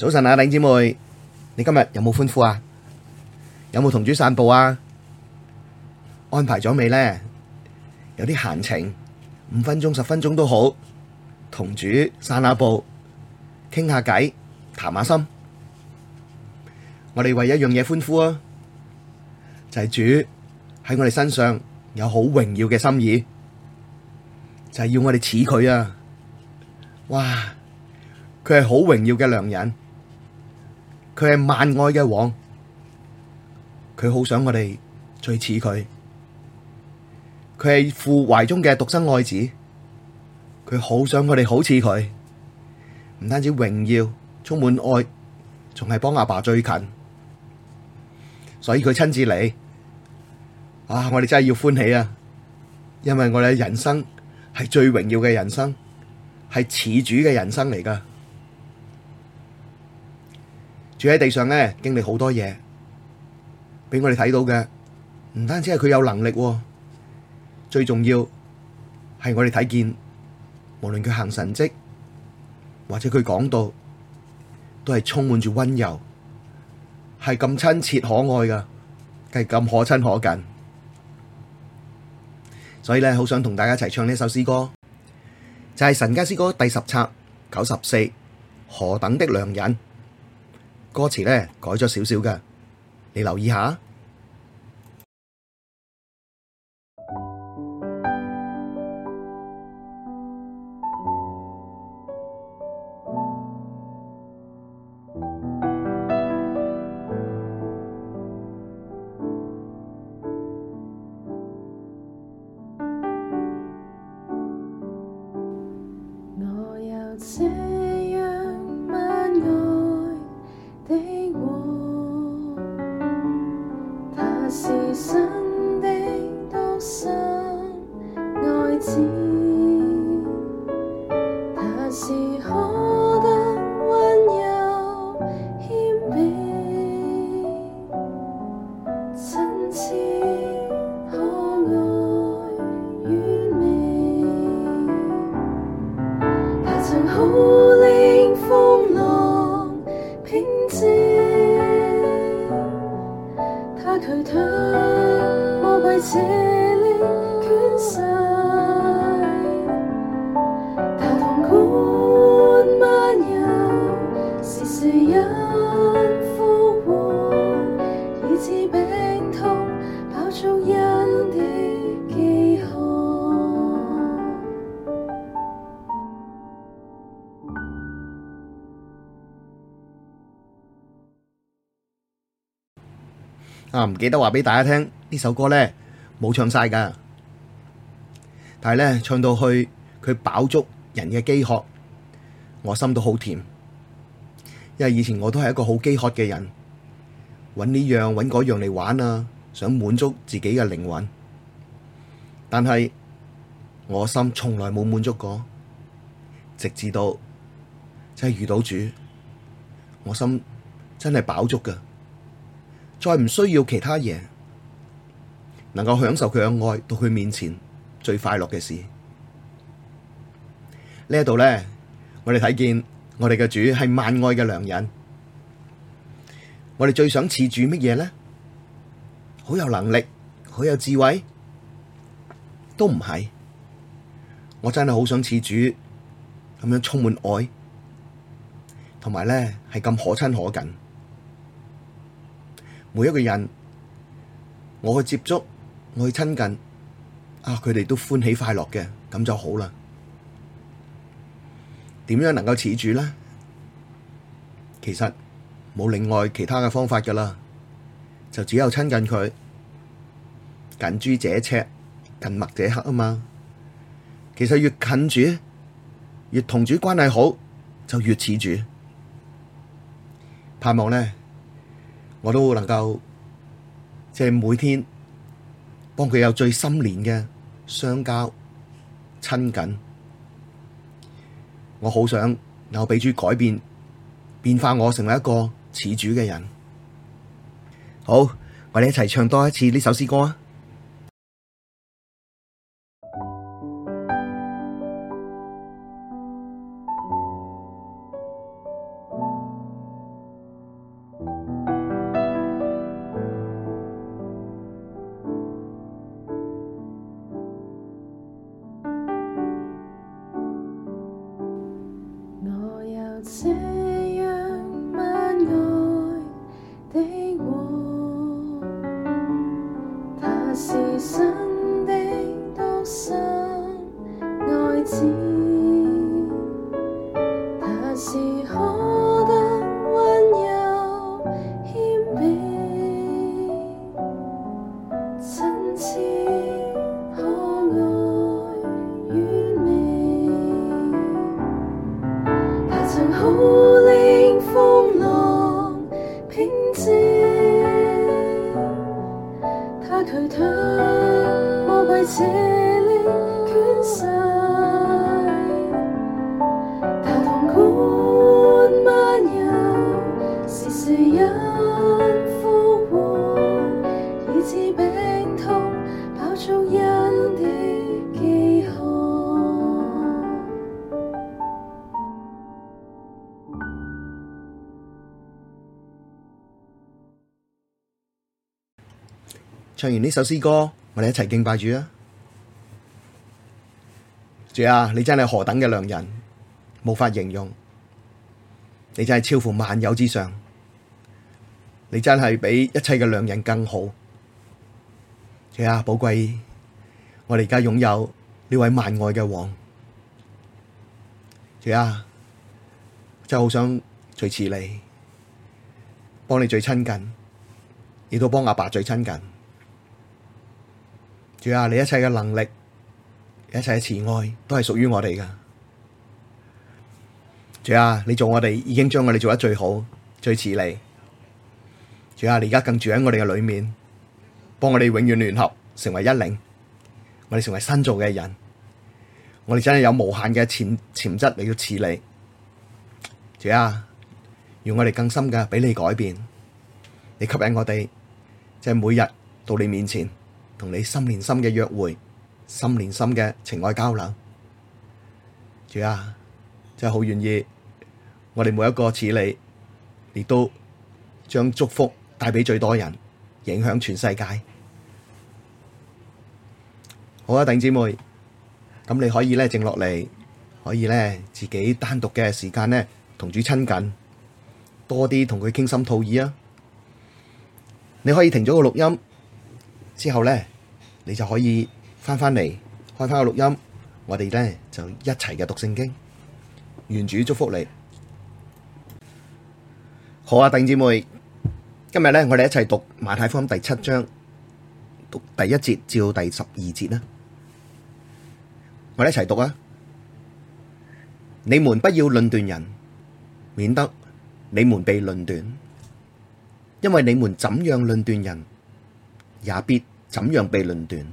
早晨啊，頂姐妹，你今日有冇歡呼啊？有冇同主散步啊？安排咗未呢？有啲閒情，五分鐘、十分鐘都好，同主散下步，傾下偈，談下心。我哋為一樣嘢歡呼啊！就係主喺我哋身上有好榮耀嘅心意，就係要我哋似佢啊！哇，佢係好榮耀嘅良人。佢係萬愛嘅王，佢好想我哋最似佢。佢係父懷中嘅獨生愛子，佢好想我哋好似佢。唔單止榮耀，充滿愛，仲係幫阿爸最近，所以佢親自嚟。啊！我哋真係要歡喜啊！因為我哋嘅人生係最榮耀嘅人生，係似主嘅人生嚟噶。住喺地上咧，經歷好多嘢，俾我哋睇到嘅，唔單止係佢有能力，最重要係我哋睇見，無論佢行神蹟或者佢講道，都係充滿住溫柔，係咁親切可愛噶，係咁可親可近。所以咧，好想同大家一齊唱呢首詩歌，就係、是《神家詩歌》第十冊九十四何等的良人。歌詞呢改咗少少嘅，你留意下。啊！唔記得話俾大家聽呢首歌咧，冇唱晒噶，但係咧唱到去佢飽足人嘅飢渴，我心都好甜。因為以前我都係一個好飢渴嘅人，揾呢樣揾嗰樣嚟玩啊，想滿足自己嘅靈魂。但係我心從來冇滿足過，直至到真係遇到主，我心真係飽足噶。再唔需要其他嘢，能夠享受佢嘅愛，到佢面前最快樂嘅事。呢一度咧，我哋睇見我哋嘅主係萬愛嘅良人。我哋最想似住乜嘢咧？好有能力，好有智慧，都唔係。我真係好想似住，咁樣充滿愛，同埋咧係咁可親可近。每一個人，我去接觸，我去親近，啊，佢哋都歡喜快樂嘅，咁就好啦。點樣能夠似主呢？其實冇另外其他嘅方法噶啦，就只有親近佢。近朱者赤，近墨者黑啊嘛。其實越近主，越同主關係好，就越似主。盼望呢。我都能夠即係每天幫佢有最心連嘅相交親近，我好想有畀主改變，變化我成為一個似主嘅人。好，我哋一齊唱多一次呢首詩歌啊！唱完呢首詩歌，我哋一齊敬拜主啊！主啊，你真係何等嘅良人，無法形容。你真係超乎萬有之上，你真係比一切嘅良人更好。主啊，寶貴，我哋而家擁有呢位萬愛嘅王。主啊，真係好想隨侍你，幫你最親近，亦都幫阿爸最親近。主啊，有你一切嘅能力、一切嘅慈愛都係屬於我哋噶。主啊，你做我哋已經將我哋做得最好、最似你。主啊，你而家更住喺我哋嘅裏面，幫我哋永遠聯合成為一靈，我哋成為新造嘅人。我哋真係有無限嘅潛潛質，嚟到似你。主啊，讓我哋更深嘅俾你改變，你吸引我哋，即係每日到你面前。同你心連心嘅約會，心連心嘅情愛交流，主啊，真係好願意，我哋每一個似你，亦都將祝福帶俾最多人，影響全世界。好啊，弟兄姊妹，咁你可以咧靜落嚟，可以咧自己單獨嘅時間咧同主親近，多啲同佢傾心吐意啊！你可以停咗個錄音。之後呢，你就可以翻翻嚟，開翻個錄音。我哋呢就一齊嘅讀聖經，願主祝福你。好啊，弟兄姊妹，今日呢我哋一齊讀馬太福音第七章，讀第一節至第十二節啦。我哋一齊讀啊！你們不要論斷人，免得你們被論斷，因為你們怎樣論斷人。也必怎樣被論斷。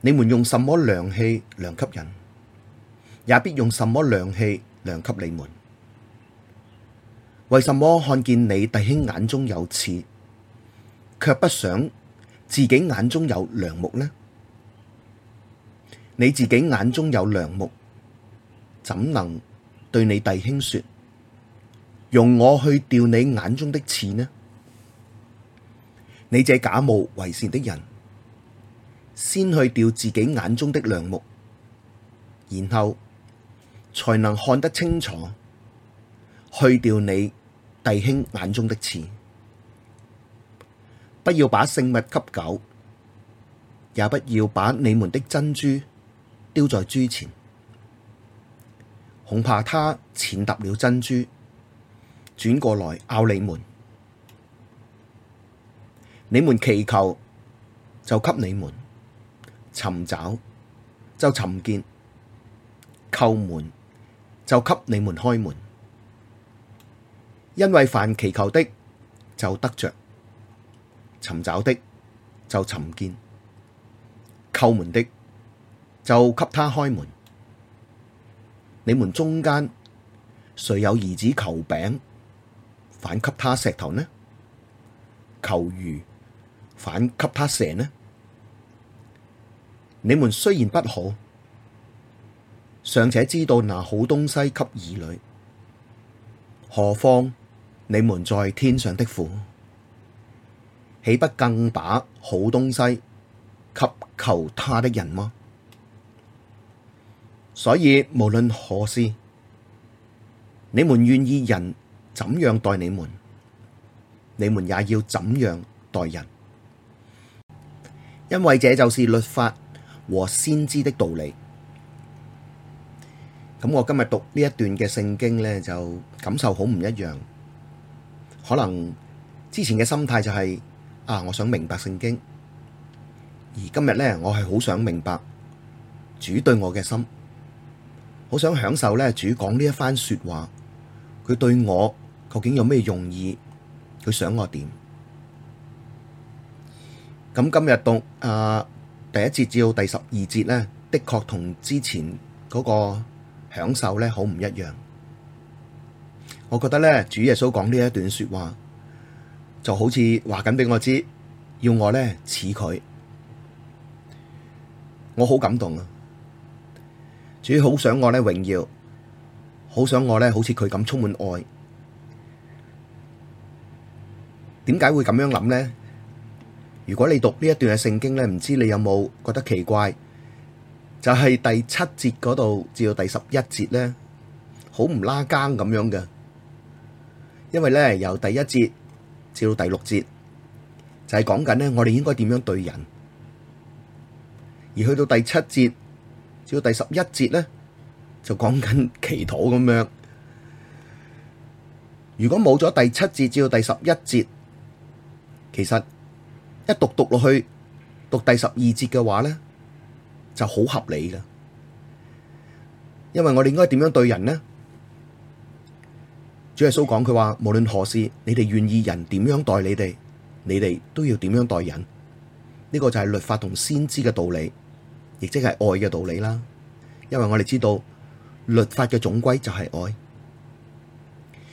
你們用什麼量器量給人，也必用什麼量器量給你們。為什麼看見你弟兄眼中有刺，卻不想自己眼中有樑木呢？你自己眼中有樑木，怎能對你弟兄説：容我去掉你眼中的刺呢？你這假冒為善的人，先去掉自己眼中的樑木，然後才能看得清楚。去掉你弟兄眼中的刺，不要把聖物給狗，也不要把你們的珍珠丟在豬前。恐怕他踐踏了珍珠，轉過來咬你們。你們祈求，就給你們尋找，就尋見叩門，就給你們開門，因為凡祈求的，就得着尋找的，就尋見叩門的，就給他開門。你們中間誰有兒子求餅，反給他石頭呢？求魚，反給他蛇呢？你們雖然不好，尚且知道拿好東西給兒女，何況你們在天上的父，豈不更把好東西給求他的人嗎？所以無論何事，你們願意人怎樣待你們，你們也要怎樣待人。因為這就是律法和先知的道理。咁我今日讀呢一段嘅聖經呢，就感受好唔一樣。可能之前嘅心態就係啊，我想明白聖經。而今日呢，我係好想明白主對我嘅心，好想享受呢主講呢一番說話。佢對我究竟有咩用意？佢想我點？咁今日到啊第一節至到第十二節呢，的確同之前嗰個享受呢好唔一樣。我覺得呢，主耶穌講呢一段說話，就好似話緊俾我知，要我呢似佢，我好感動啊！主好想我呢榮耀，好想我呢好似佢咁充滿愛。點解會咁樣諗呢？如果你讀呢一段嘅聖經咧，唔知你有冇覺得奇怪？就係第七節嗰度至到第十一節呢，好唔拉更咁樣嘅，因為呢，由第一節至到第六節就係講緊呢，我哋應該點樣對人，而去到第七節至到第十一節呢，就講緊祈禱咁樣。如果冇咗第七節至到第十一節，其實～一讀讀落去，讀第十二節嘅話咧，就好合理噶。因為我哋應該點樣對人呢？主耶穌講佢話，無論何事，你哋願意人點樣待你哋，你哋都要點樣待人。呢個就係律法同先知嘅道理，亦即係愛嘅道理啦。因為我哋知道律法嘅總歸就係愛，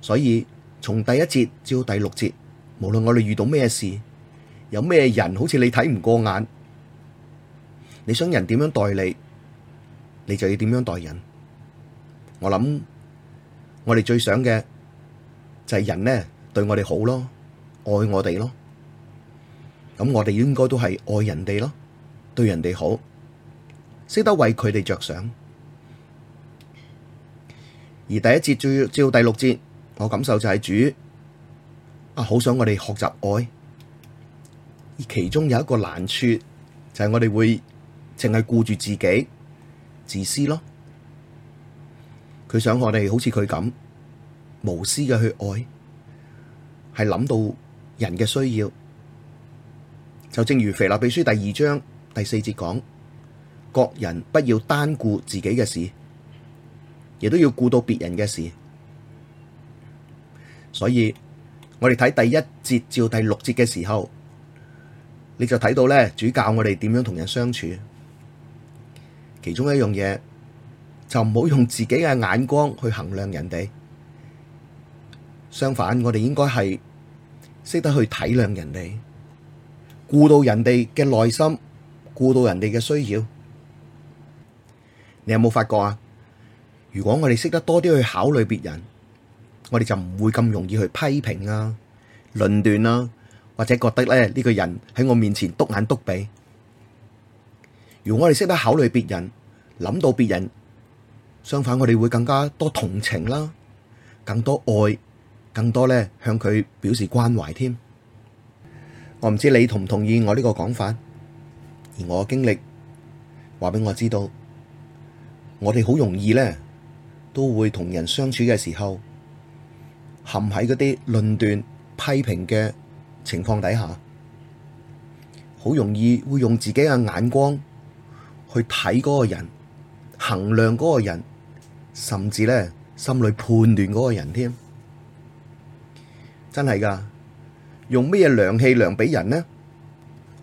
所以從第一節至到第六節，無論我哋遇到咩事。有咩人好似你睇唔過眼？你想人點樣待你，你就要點樣待人。我諗我哋最想嘅就係人呢對我哋好咯，愛我哋咯。咁我哋應該都係愛人哋咯，對人哋好，識得為佢哋着想。而第一節至到第六節，我感受就係主啊，好想我哋學習愛。而其中有一個難處，就係、是、我哋會淨係顧住自己，自私咯。佢想我哋好似佢咁無私嘅去愛，係諗到人嘅需要。就正如《腓立比書》第二章第四節講：各人不要單顧自己嘅事，亦都要顧到別人嘅事。所以我哋睇第一節照第六節嘅時候。你就睇到咧，主教我哋點樣同人相處。其中一樣嘢就唔好用自己嘅眼光去衡量人哋。相反，我哋應該係識得去體諒人哋，顧到人哋嘅內心，顧到人哋嘅需要。你有冇發覺啊？如果我哋識得多啲去考慮別人，我哋就唔會咁容易去批評啊、論斷啊。或者覺得咧，呢個人喺我面前篤眼篤鼻，如果我哋識得考慮別人，諗到別人，相反我哋會更加多同情啦，更多愛，更多咧，向佢表示關懷添。我唔知你同唔同意我呢個講法？而我嘅經歷話俾我知道，我哋好容易咧，都會同人相處嘅時候，陷喺嗰啲論斷、批評嘅情況底下，好容易會用自己嘅眼光去睇嗰個人，衡量嗰個人，甚至呢，心裏判斷嗰個人添。真係噶，用咩嘢量器量俾人呢？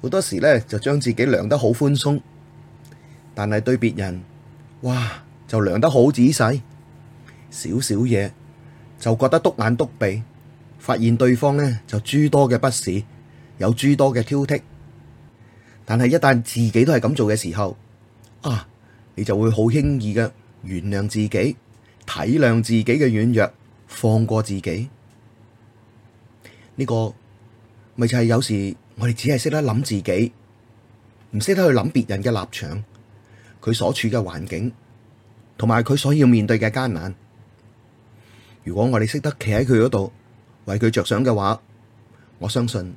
好多時呢，就將自己量得好寬鬆，但係對別人，哇，就量得好仔細，少少嘢就覺得篤眼篤鼻。發現對方呢，就諸多嘅不是，有諸多嘅挑剔。但係一旦自己都係咁做嘅時候，啊，你就會好輕易嘅原諒自己、體諒自己嘅軟弱、放過自己。呢、這個咪就係、是、有時我哋只係識得諗自己，唔識得去諗別人嘅立場、佢所處嘅環境、同埋佢所要面對嘅艱難。如果我哋識得企喺佢嗰度。為佢着想嘅話，我相信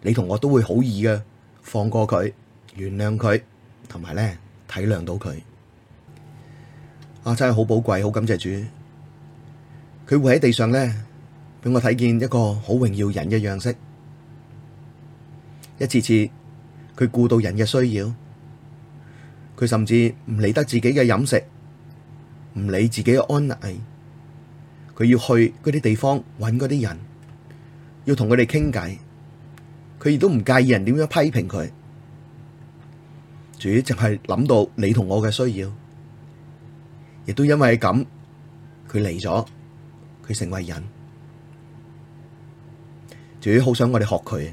你同我都會好易嘅放過佢，原諒佢，同埋咧體諒到佢。阿，啊、真係好寶貴，好感謝主！佢會喺地上咧，俾我睇見一個好榮耀人嘅樣式。一次次佢顧到人嘅需要，佢甚至唔理得自己嘅飲食，唔理自己嘅安危。佢要去嗰啲地方揾嗰啲人，要同佢哋傾偈。佢亦都唔介意人點樣批評佢。主淨係諗到你同我嘅需要，亦都因為咁，佢嚟咗，佢成為人。主好想我哋學佢，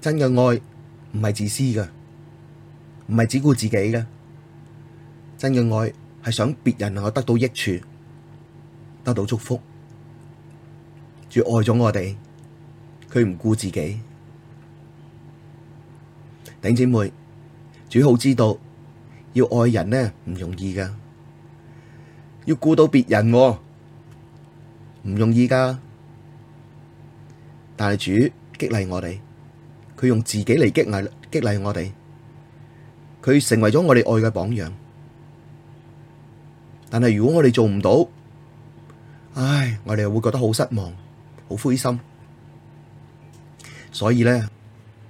真嘅愛唔係自私噶，唔係只顧自己噶，真嘅愛係想別人能夠得到益處。得到祝福，主愛咗我哋，佢唔顧自己。頂姐妹，主好知道要愛人呢唔容易噶，要顧到別人唔容易噶。但係主激勵我哋，佢用自己嚟激勵激勵我哋，佢成為咗我哋愛嘅榜樣。但係如果我哋做唔到。唉，我哋又會覺得好失望、好灰心，所以咧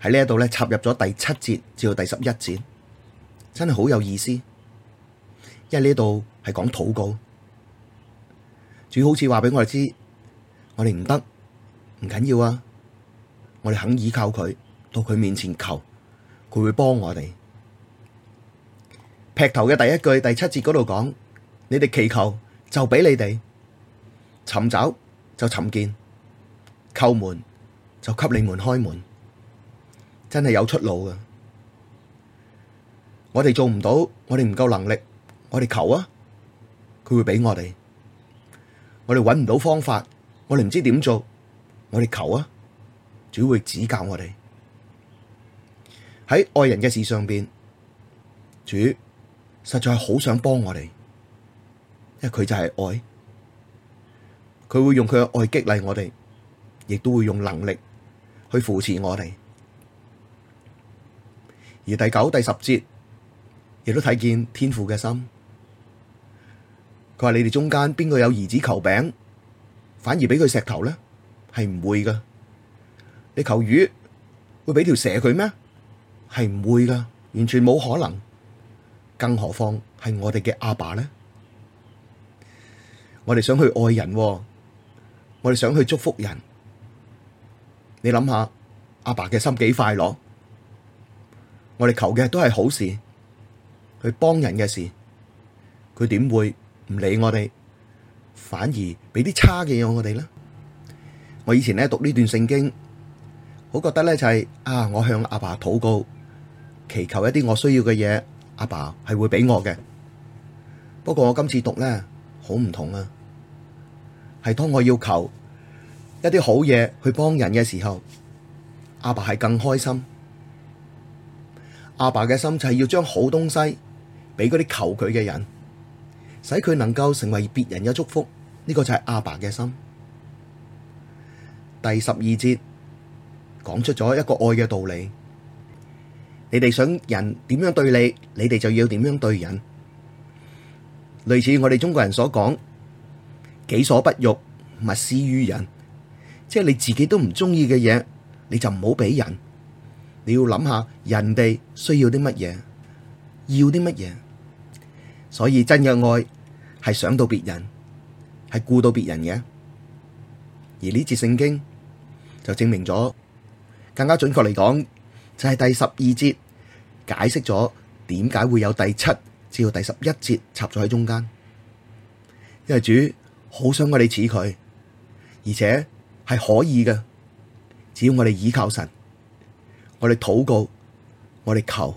喺呢一度咧插入咗第七節至到第十一節，真係好有意思，因為呢度係講禱告，主好似話畀我哋知，我哋唔得，唔緊要啊，我哋肯依靠佢，到佢面前求，佢會幫我哋。劈頭嘅第一句第七節嗰度講：你哋祈求就俾你哋。尋找就尋見，叩門就給你們開門，真係有出路噶。我哋做唔到，我哋唔夠能力，我哋求啊，佢會俾我哋。我哋搵唔到方法，我哋唔知點做，我哋求啊，主會指教我哋。喺愛人嘅事上邊，主實在好想幫我哋，因為佢就係愛。佢會用佢嘅愛激勵我哋，亦都會用能力去扶持我哋。而第九、第十節，亦都睇見天父嘅心。佢話：你哋中間邊個有兒子求餅，反而俾佢石頭咧，係唔會噶。你求魚，會俾條蛇佢咩？係唔會噶，完全冇可能。更何況係我哋嘅阿爸咧，我哋想去愛人。我哋想去祝福人，你諗下阿爸嘅心幾快樂？我哋求嘅都係好事，去幫人嘅事，佢點會唔理我哋，反而俾啲差嘅嘢我哋咧？我以前咧讀呢段聖經，好覺得咧就係啊，我向阿爸禱告，祈求一啲我需要嘅嘢，阿爸係會俾我嘅。不過我今次讀咧好唔同啊，係當我要求，一啲好嘢，去幫人嘅時候，阿爸係更開心。阿爸嘅心就係要將好東西俾嗰啲求佢嘅人，使佢能夠成為別人嘅祝福。呢個就係阿爸嘅心。第十二節講出咗一個愛嘅道理。你哋想人點樣對你，你哋就要點樣對人。類似我哋中國人所講：己所不欲，勿施於人。即係你自己都唔中意嘅嘢，你就唔好俾人。你要諗下人哋需要啲乜嘢，要啲乜嘢。所以真嘅愛係想到別人，係顧到別人嘅。而呢節聖經就證明咗，更加準確嚟講就係第十二節解釋咗點解會有第七至到第十一節插咗喺中間，因為主好想我哋，似佢，而且。係可以嘅，只要我哋倚靠神，我哋禱告，我哋求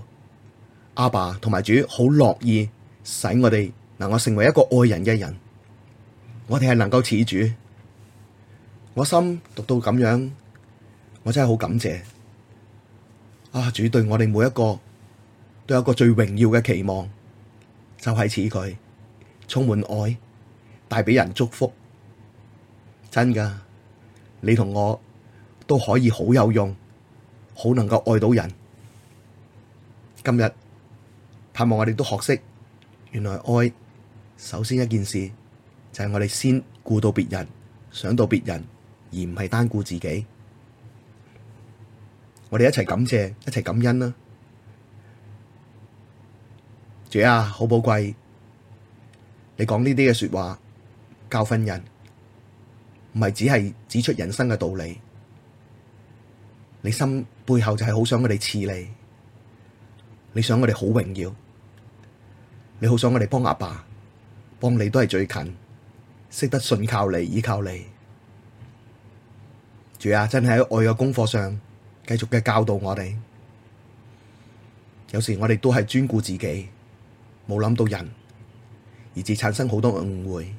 阿爸同埋主好樂意使我哋能夠成為一個愛人嘅人，我哋係能夠似主。我心讀到咁樣，我真係好感謝阿、啊，主對我哋每一個都有一個最榮耀嘅期望，就係似佢充滿愛，帶俾人祝福，真噶。你同我都可以好有用，好能夠愛到人。今日盼望我哋都學識，原來愛首先一件事，就係我哋先顧到別人，想到別人而唔係單顧自己。我哋一齊感謝，一齊感恩啦！主啊，好寶貴，你講呢啲嘅說話教訓人。唔係只係指出人生嘅道理，你心背後就係好想我哋似你，你想我哋好榮耀，你好想我哋幫阿爸，幫你都係最近，識得信靠你，依靠你。主啊，真係喺愛嘅功課上，繼續嘅教導我哋。有時我哋都係專顧自己，冇諗到人，以致產生好多誤會。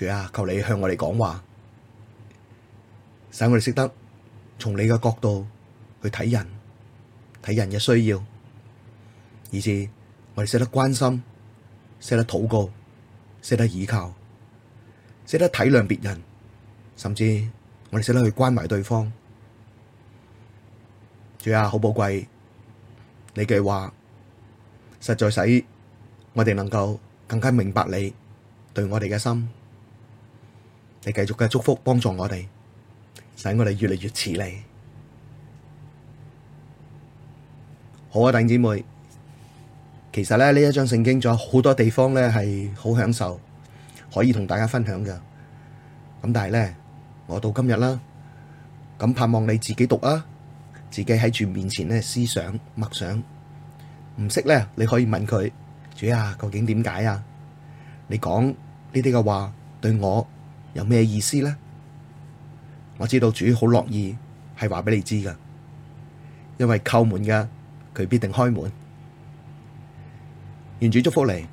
主啊，求你向我哋講話，使我哋識得從你嘅角度去睇人，睇人嘅需要，以致我哋識得關心，識得禱告，識得倚靠，識得體諒別人，甚至我哋識得去關懷對方。主啊，好寶貴你嘅話，實在使我哋能夠更加明白你對我哋嘅心。你繼續嘅祝福幫助我哋，使我哋越嚟越似你。好啊，弟兄姊妹。其實咧呢一章聖經仲有好多地方咧係好享受，可以同大家分享嘅。咁但係咧我到今日啦，咁盼望你自己讀啊，自己喺住面前咧思想默想。唔識咧，你可以問佢，主啊，究竟點解啊？你講呢啲嘅話對我？有咩意思呢？我知道主好樂意係話畀你知㗎，因為叩門嘅佢必定開門。願主祝福你。